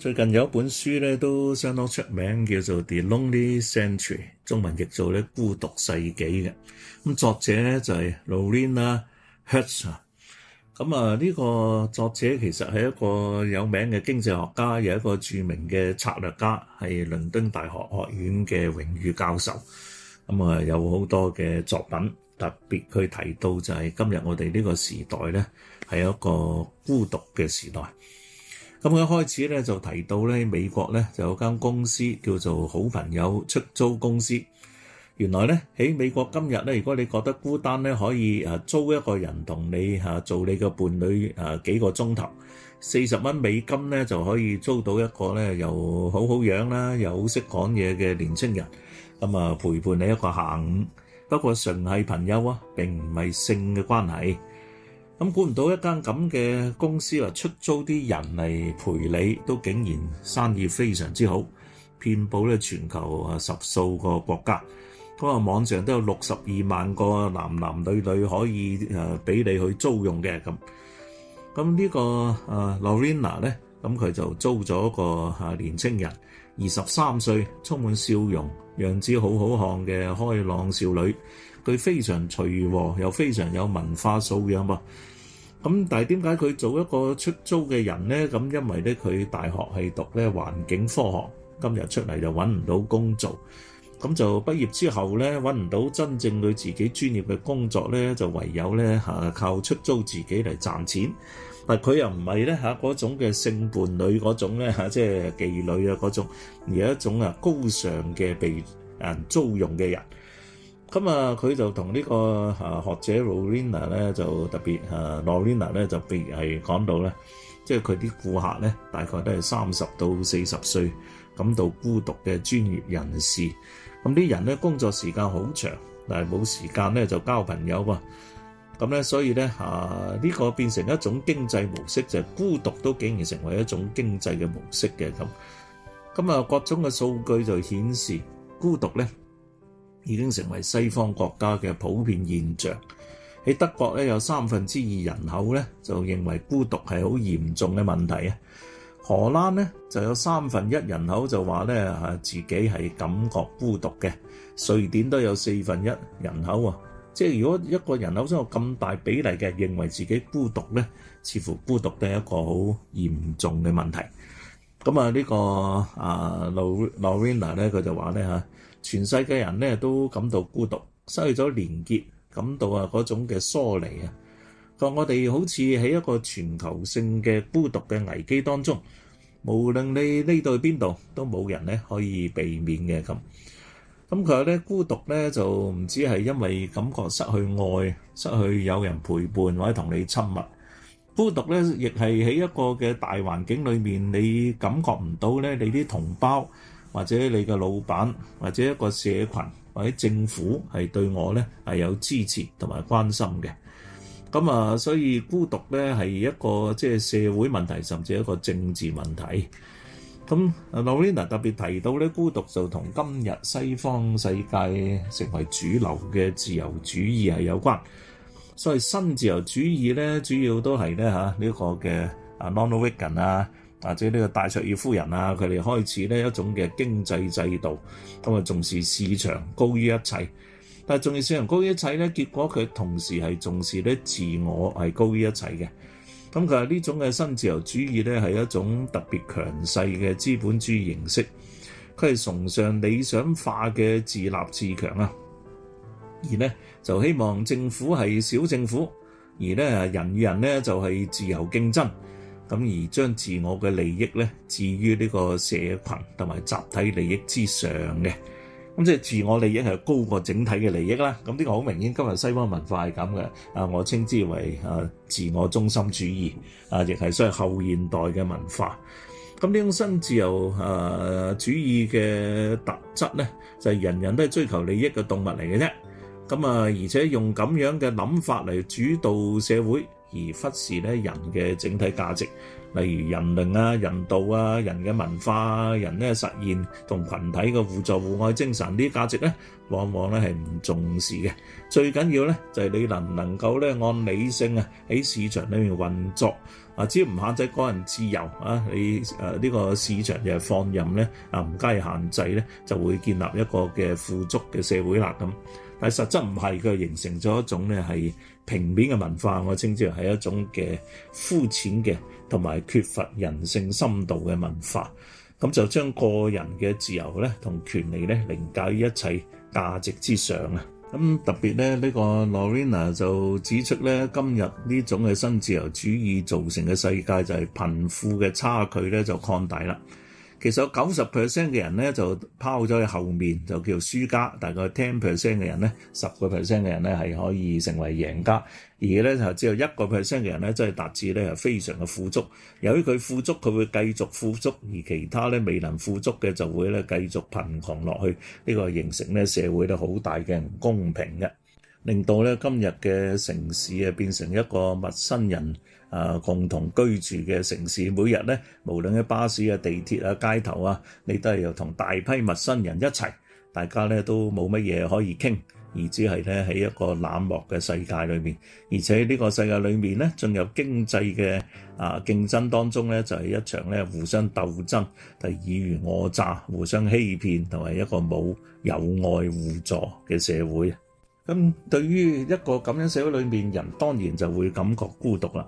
最近有一本書咧都相當出名，叫做《The Lonely Century》，中文譯做咧《孤獨世紀》嘅。咁作者咧就係、是、Lorinna Hertz。咁、嗯、啊，呢、這個作者其實係一個有名嘅經濟學家，又一個著名嘅策略家，係倫敦大學學院嘅榮譽教授。咁、嗯、啊，有好多嘅作品。特別佢提到就係今日我哋呢個時代咧，係一個孤獨嘅時代。咁佢開始咧就提到咧美國咧就有間公司叫做好朋友出租公司。原來咧喺美國今日咧，如果你覺得孤單咧，可以誒租一個人同你嚇做你嘅伴侶誒幾個鐘頭，四十蚊美金咧就可以租到一個咧又好好樣啦，又好識講嘢嘅年青人，咁啊陪伴你一個下午。不過純係朋友啊，並唔係性嘅關係。咁估唔到一間咁嘅公司啊出租啲人嚟陪你，都竟然生意非常之好，遍佈咧全球啊十數個國家。咁啊，網上都有六十二萬個男男女女可以誒俾你去租用嘅咁。咁呢個誒 Lorena 咧，咁佢就租咗個啊年青人，二十三歲，充滿笑容，樣子好好看嘅開朗少女。佢非常隨和、哦，又非常有文化素養嘛。咁但係點解佢做一個出租嘅人呢？咁因為呢佢大學係讀呢環境科學，今日出嚟就揾唔到工做。咁就畢業之後呢，揾唔到真正對自己專業嘅工作呢，就唯有呢，吓靠出租自己嚟賺錢。但佢又唔係呢吓嗰種嘅性伴侶嗰種呢，即係妓女啊嗰種，而係一種啊高尚嘅被啊租用嘅人。咁啊，佢就同呢個啊學者 Lolina 咧，就特別啊 Lolina 咧，就譬如係講到咧，即係佢啲顧客咧，大概都係三十到四十歲，感到孤獨嘅專業人士，咁啲人咧工作時間好長，但係冇時間咧就交朋友呢啊。咁咧，所以咧啊，呢個變成一種經濟模式，就係孤獨都竟然成為一種經濟嘅模式嘅咁。咁啊，各種嘅數據就顯示孤獨咧。已經成為西方國家嘅普遍現象。喺德國咧，有三分之二人口咧就認為孤獨係好嚴重嘅問題啊。荷蘭咧就有三分一人口就話咧嚇自己係感覺孤獨嘅。瑞典都有四分一人口啊。即係如果一個人口中有咁大比例嘅認為自己孤獨咧，似乎孤獨都係一個好嚴重嘅問題。咁、嗯、啊，這個呃、呢個啊 Lorena 咧，佢就話咧嚇。全世界人咧都感到孤獨，失去咗連結，感到啊嗰種嘅疏離啊。佢話我哋好似喺一個全球性嘅孤獨嘅危機當中，無論你呢度去邊度，都冇人咧可以避免嘅咁。咁佢話咧孤獨咧就唔止係因為感覺失去愛，失去有人陪伴或者同你親密。孤獨咧亦係喺一個嘅大環境裏面，你感覺唔到咧你啲同胞，或者你嘅老闆，或者一個社群，或者政府係對我咧係有支持同埋關心嘅。咁啊，所以孤獨咧係一個即係社會問題，甚至一個政治問題。咁啊，Noreena 特別提到咧孤獨就同今日西方世界成為主流嘅自由主義係有關。所謂新自由主義咧主要都係咧嚇呢、這個嘅啊 Ronald Reagan 啊。或者呢個戴卓爾夫人啊，佢哋開始呢一種嘅經濟制度，咁啊重視市場高於一切，但係重視市場高於一切咧，結果佢同時係重視咧自我係高於一切嘅。咁其實呢種嘅新自由主義咧係一種特別強勢嘅資本主義形式，佢係崇尚理想化嘅自立自強啊，而呢就希望政府係小政府，而呢人與人呢，就係自由競爭。咁而將自我嘅利益咧置於呢個社群同埋集體利益之上嘅，咁即係自我利益係高過整體嘅利益啦。咁呢個好明顯，今日西方文化係咁嘅。啊，我稱之為啊自我中心主義，啊亦係所謂後現代嘅文化。咁呢種新自由啊主義嘅特質咧，就係、是、人人都係追求利益嘅動物嚟嘅啫。咁啊，而且用咁樣嘅諗法嚟主導社會。而忽視咧人嘅整體價值，例如人靈啊、人道啊、人嘅文化、人咧實現同群體嘅互助互愛精神，呢啲價值咧，往往咧係唔重視嘅。最緊要咧就係你能唔能夠咧按理性啊喺市場裏面運作啊，只要唔限制個人自由啊，你誒呢個市場嘅放任咧啊唔加以限制咧，就會建立一個嘅富足嘅社會啦咁。但實質唔係，佢形成咗一種咧係平面嘅文化，我稱之為係一種嘅膚淺嘅，同埋缺乏人性深度嘅文化。咁就將個人嘅自由咧同權利咧凌駕於一切價值之上啊！咁特別咧，呢、這個 Lorina 就指出咧，今日呢種嘅新自由主義造成嘅世界就係貧富嘅差距咧就擴大啦。其實有九十 percent 嘅人咧就拋咗喺後面，就叫輸家。大概 ten percent 嘅人咧，十個 percent 嘅人咧係可以成為贏家。而咧就只有一個 percent 嘅人咧，真係達至咧係非常嘅富足。由於佢富足，佢會繼續富足；而其他咧未能富足嘅，就會咧繼續貧窮落去。呢個形成咧社會咧好大嘅唔公平嘅。令到咧今日嘅城市啊，變成一個陌生人啊共同居住嘅城市。每日咧，無論喺巴士啊、地鐵啊、街頭啊，你都係又同大批陌生人一齊，大家咧都冇乜嘢可以傾，而只係咧喺一個冷漠嘅世界裏面。而且呢個世界裏面咧，進入經濟嘅啊競爭當中咧，就係、是、一場咧互相鬥爭、係以虞我詐、互相欺騙同埋一個冇有，有愛互助嘅社會。咁對於一個咁樣社會裏面人，當然就會感覺孤獨啦。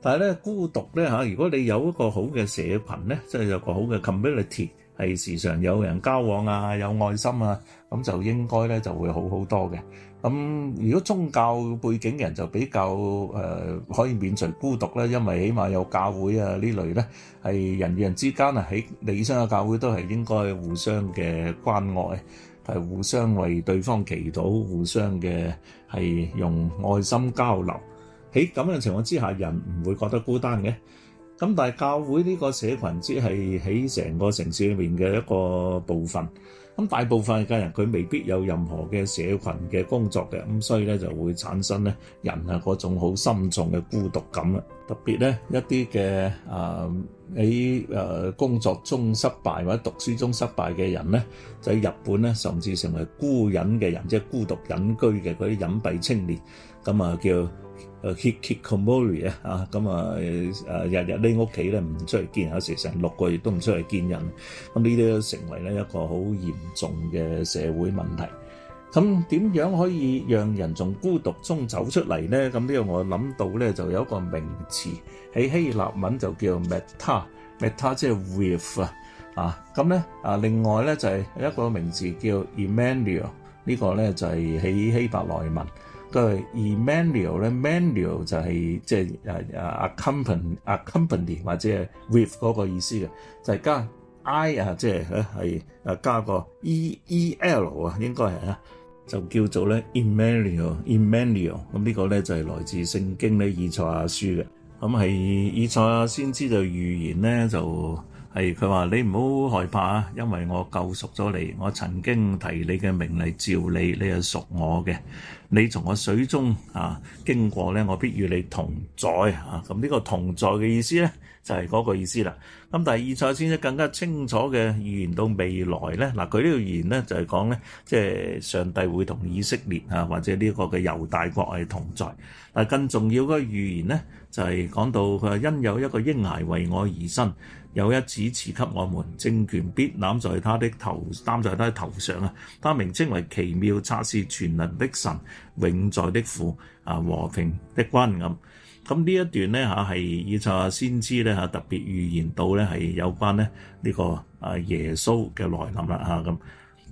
但係咧，孤獨咧嚇，如果你有一個好嘅社群咧，即係有個好嘅 community，係時常有人交往啊，有愛心啊，咁就應該咧就會好好多嘅。咁如果宗教背景嘅人就比較誒可以免除孤獨啦，因為起碼有教會啊呢類咧係人與人之間啊喺理想嘅教會都係應該互相嘅關愛。係互相為對方祈禱，互相嘅係用愛心交流。喺咁樣情況之下，人唔會覺得孤單嘅。咁但係教會呢個社群只係喺成個城市裏面嘅一個部分，咁大部分嘅人佢未必有任何嘅社群嘅工作嘅，咁所以咧就會產生咧人啊嗰種好深重嘅孤獨感啦。特別咧一啲嘅啊喺誒工作中失敗或者讀書中失敗嘅人咧，就喺日本咧甚至成為孤隱嘅人，即係孤獨隱居嘅嗰啲隱蔽青年。咁啊叫誒 hikikomori 啊，咁啊誒日日匿屋企咧，唔出去見，有時成六個月都唔出去見人，咁呢啲都成為咧一個好嚴重嘅社會問題。咁、啊、點樣可以讓人從孤獨中走出嚟咧？咁呢個我諗到咧，就有一個名詞喺希臘文就叫 meta，meta 即係 with 啊。咁、啊、咧啊，另外咧就係、是、一個名詞叫 Emmanuel 呢個咧就係、是、喺希伯來文。都係 Emmanuel 咧，Manuel 就係即係誒誒，accompanied company 或者係 with 嗰個意思嘅，就係、加 i 啊，即係咧係誒加個 e e l 啊，應該係啊，就叫做咧 Emmanuel，Emmanuel 咁呢 Emmanuel，啊這個咧就係、係、來自聖經咧以賽亞書嘅，咁、啊、係以賽亞先知就預言咧就。.係佢話：你唔好害怕啊，因為我救贖咗你。我曾經提你嘅名嚟召你，你係屬我嘅。你從我水中啊經過咧，我必與你同在啊。咁、嗯、呢、這個同在嘅意思咧，就係、是、嗰個意思啦。咁第二賽先咧更加清楚嘅預言到未來咧嗱，佢、啊、呢個預言咧就係、是、講咧，即係上帝會同以色列啊或者呢個嘅猶大國係同在。但、啊、係更重要嘅預言咧就係、是、講到佢話因有一個嬰孩為我而生。有一子賜給我們，政權必攬在他的頭，擔在他的頭上啊！他名稱為奇妙、測試全能的神、永在的父啊！和平的君，咁咁呢一段咧吓係以查先知咧吓特別預言到咧係有關咧呢、這個啊耶穌嘅來臨啦啊咁，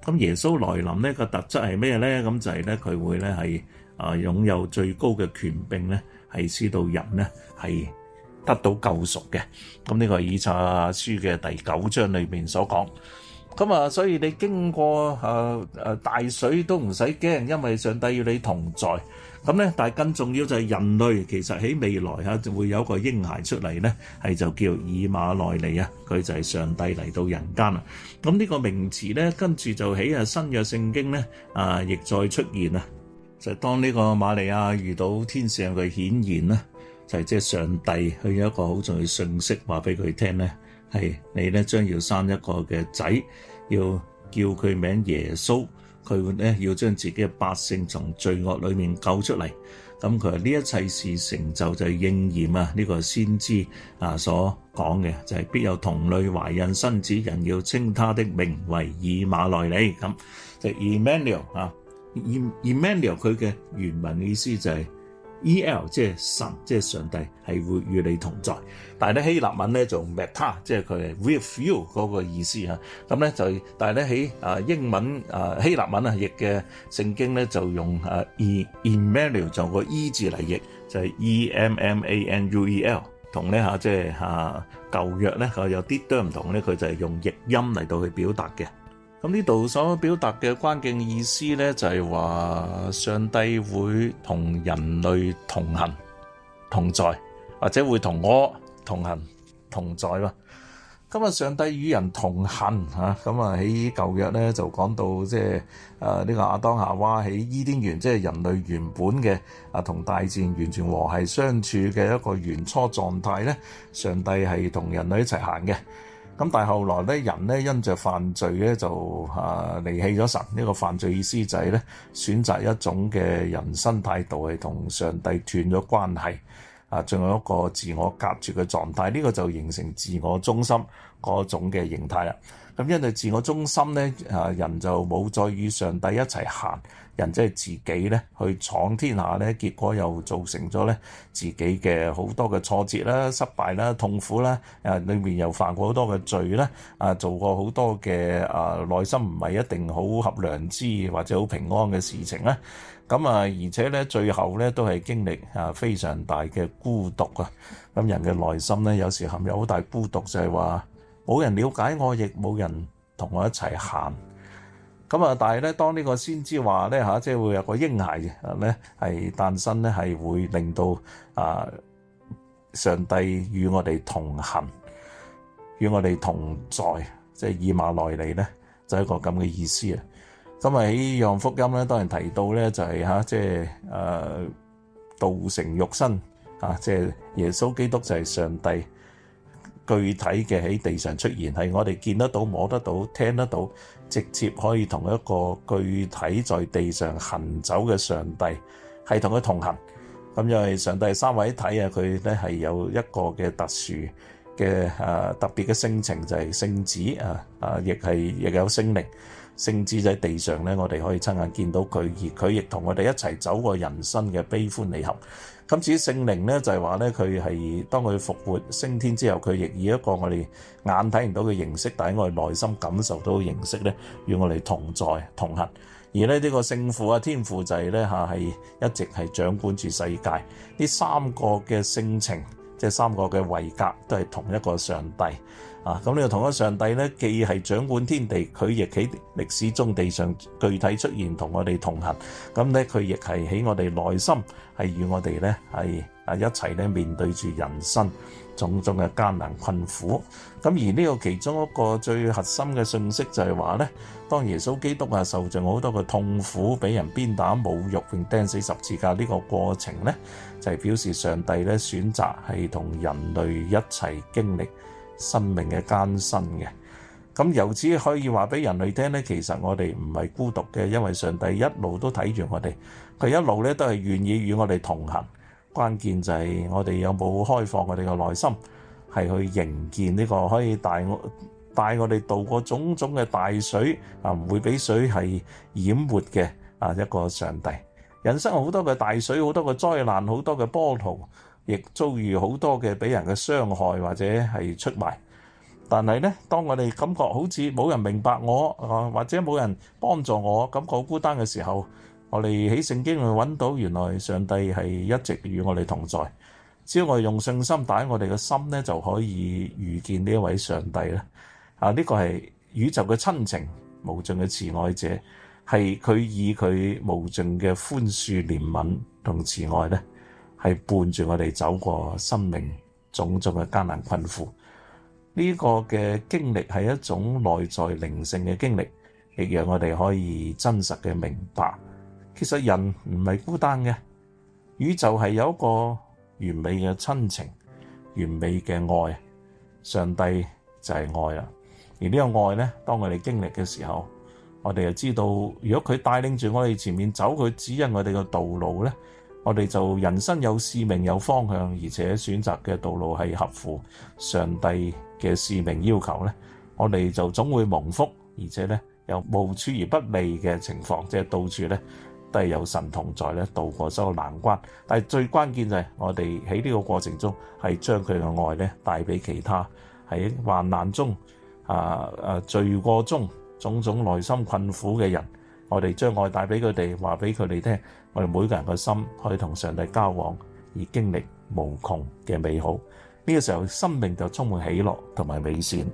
咁耶穌來臨呢個特質係咩咧？咁就係咧佢會咧係啊擁有最高嘅權柄咧，係知道人咧係。得到救贖嘅，咁呢個係以賽亞書嘅第九章裏邊所講，咁啊，所以你經過啊啊大水都唔使驚，因為上帝與你同在，咁咧，但係更重要就係人類其實喺未來吓會有一個嬰孩出嚟咧，係就叫以馬內利啊，佢就係上帝嚟到人間啦，咁呢個名詞咧，跟住就喺啊新約聖經咧啊亦再出現啊，就當呢個瑪利亞遇到天上嘅顯現啦。就係即係上帝去有一個好重要信息話俾佢聽咧，係你咧將要生一個嘅仔，要叫佢名耶穌，佢咧要將自己嘅百姓從罪惡裏面救出嚟。咁佢話呢一切事成就就係應驗啊！呢、這個先知啊所講嘅就係、是、必有同類懷孕生子人要稱他的名為以馬內利。咁、嗯、就 Emmanuel 啊，Emmanuel 佢嘅原文意思就係、是。E.L. 即係神，即係上帝，係會與你同在。但係咧，希臘文咧就 meta，即係佢係 with you 嗰個意思嚇。咁咧就，但係咧喺啊英文啊希臘文啊譯嘅聖經咧就用啊 Emmanuel 就個 E 字嚟譯，就係、是、E.M.M.A.N.U.E.L。E l，呢啊、呢同咧嚇即係嚇舊約咧佢有啲都唔同咧，佢就係用譯音嚟到去表達嘅。咁呢度所表達嘅關鍵意思咧，就係話上帝會同人類同行同在，或者會同我同行同在啦。咁啊，上帝與人同行嚇，咁啊喺舊約咧就講到即係誒呢個亞當夏娃喺伊甸園，即係人類原本嘅啊同大自然完全和諧相處嘅一個原初狀態咧，上帝係同人類一齊行嘅。咁但係後來咧，人咧因着犯罪咧就啊離棄咗神。呢個犯罪意思就係咧選擇一種嘅人生態度，係同上帝斷咗關係，啊，進入一個自我隔絕嘅狀態。呢個就形成自我中心嗰種嘅形態啦。咁因為自我中心咧，啊人就冇再與上帝一齊行，人即係自己咧去闖天下咧，結果又造成咗咧自己嘅好多嘅挫折啦、失敗啦、痛苦啦，啊裏面又犯過好多嘅罪啦，啊做過好多嘅啊內心唔係一定好合良知或者好平安嘅事情啦。咁啊，而且咧最後咧都係經歷啊非常大嘅孤獨啊。咁人嘅內心咧有時含有好大孤獨就，就係話。冇人了解我，亦冇人同我一齊行。咁啊，但係咧，當呢個先知話咧嚇、啊，即係會有個嬰孩咧係誕生咧，係會令到啊上帝與我哋同行，與我哋同在。即係以馬內利咧，就係、是、一個咁嘅意思啊。咁啊呢樣福音咧，當然提到咧就係、是、吓，即係誒道成肉身啊，即係耶穌基督就係上帝。具體嘅喺地上出現係我哋見得到、摸得到、聽得到，直接可以同一個具體在地上行走嘅上帝係同佢同行。咁因為上帝三位一體啊，佢咧係有一個嘅特殊嘅誒、啊、特別嘅性情，就係、是、聖子啊啊，亦係亦有聖靈。聖子喺地上咧，我哋可以親眼見到佢，而佢亦同我哋一齊走過人生嘅悲歡離合。咁至於聖靈呢，就係話呢，佢係當佢復活升天之後，佢亦以一個我哋眼睇唔到嘅形式，但係我哋內心感受到嘅形式呢，與我哋同在同行。而咧呢個聖父啊、天父就係咧嚇係一直係掌管住世界呢三個嘅性情。即係三個嘅位格都係同一個上帝啊！咁、這、呢個同一個上帝咧，既係掌管天地，佢亦喺歷史中地上具體出現，同我哋同行。咁咧，佢亦係喺我哋內心係與我哋咧係啊一齊咧面對住人生。種種嘅艱難困苦，咁而呢個其中一個最核心嘅信息就係話呢當耶穌基督啊受盡好多嘅痛苦，俾人鞭打、侮辱，並釘死十字架呢個過程呢就係表示上帝呢選擇係同人類一齊經歷生命嘅艱辛嘅。咁由此可以話俾人類聽呢其實我哋唔係孤獨嘅，因為上帝一路都睇住我哋，佢一路呢都係願意與我哋同行。關鍵就係我哋有冇開放我哋嘅內心，係去營建呢個可以帶我帶我哋渡過種種嘅大水啊，唔會俾水係淹沒嘅啊一個上帝。人生好多嘅大水，好多嘅災難，好多嘅波濤，亦遭遇好多嘅俾人嘅傷害或者係出賣。但係呢，當我哋感覺好似冇人明白我，或者冇人幫助我，感覺孤單嘅時候。我哋喺聖經度揾到，原來上帝係一直與我哋同在。只要我哋用信心打喺我哋嘅心咧，就可以遇見呢一位上帝咧。啊，呢、這個係宇宙嘅親情無盡嘅慈愛者，係佢以佢無盡嘅寬恕、憐憫同慈愛咧，係伴住我哋走過生命種種嘅艱難困苦。呢、這個嘅經歷係一種內在靈性嘅經歷，亦讓我哋可以真實嘅明白。其實人唔係孤單嘅，宇宙係有一個完美嘅親情、完美嘅愛。上帝就係愛啦。而呢個愛呢，當我哋經歷嘅時候，我哋就知道，如果佢帶領住我哋前面走，佢指引我哋嘅道路呢，我哋就人生有使命、有方向，而且選擇嘅道路係合乎上帝嘅使命要求呢。我哋就總會蒙福，而且呢，又無處而不利嘅情況，即係到處呢。都係有神同在咧，度過咗個難關。但係最關鍵就係我哋喺呢個過程中係將佢嘅愛咧帶俾其他，喺患難中啊誒、啊，罪過中種種內心困苦嘅人，我哋將愛帶俾佢哋，話俾佢哋聽。我哋每個人嘅心可以同上帝交往，而經歷無窮嘅美好。呢、這個時候生命就充滿喜樂同埋美善。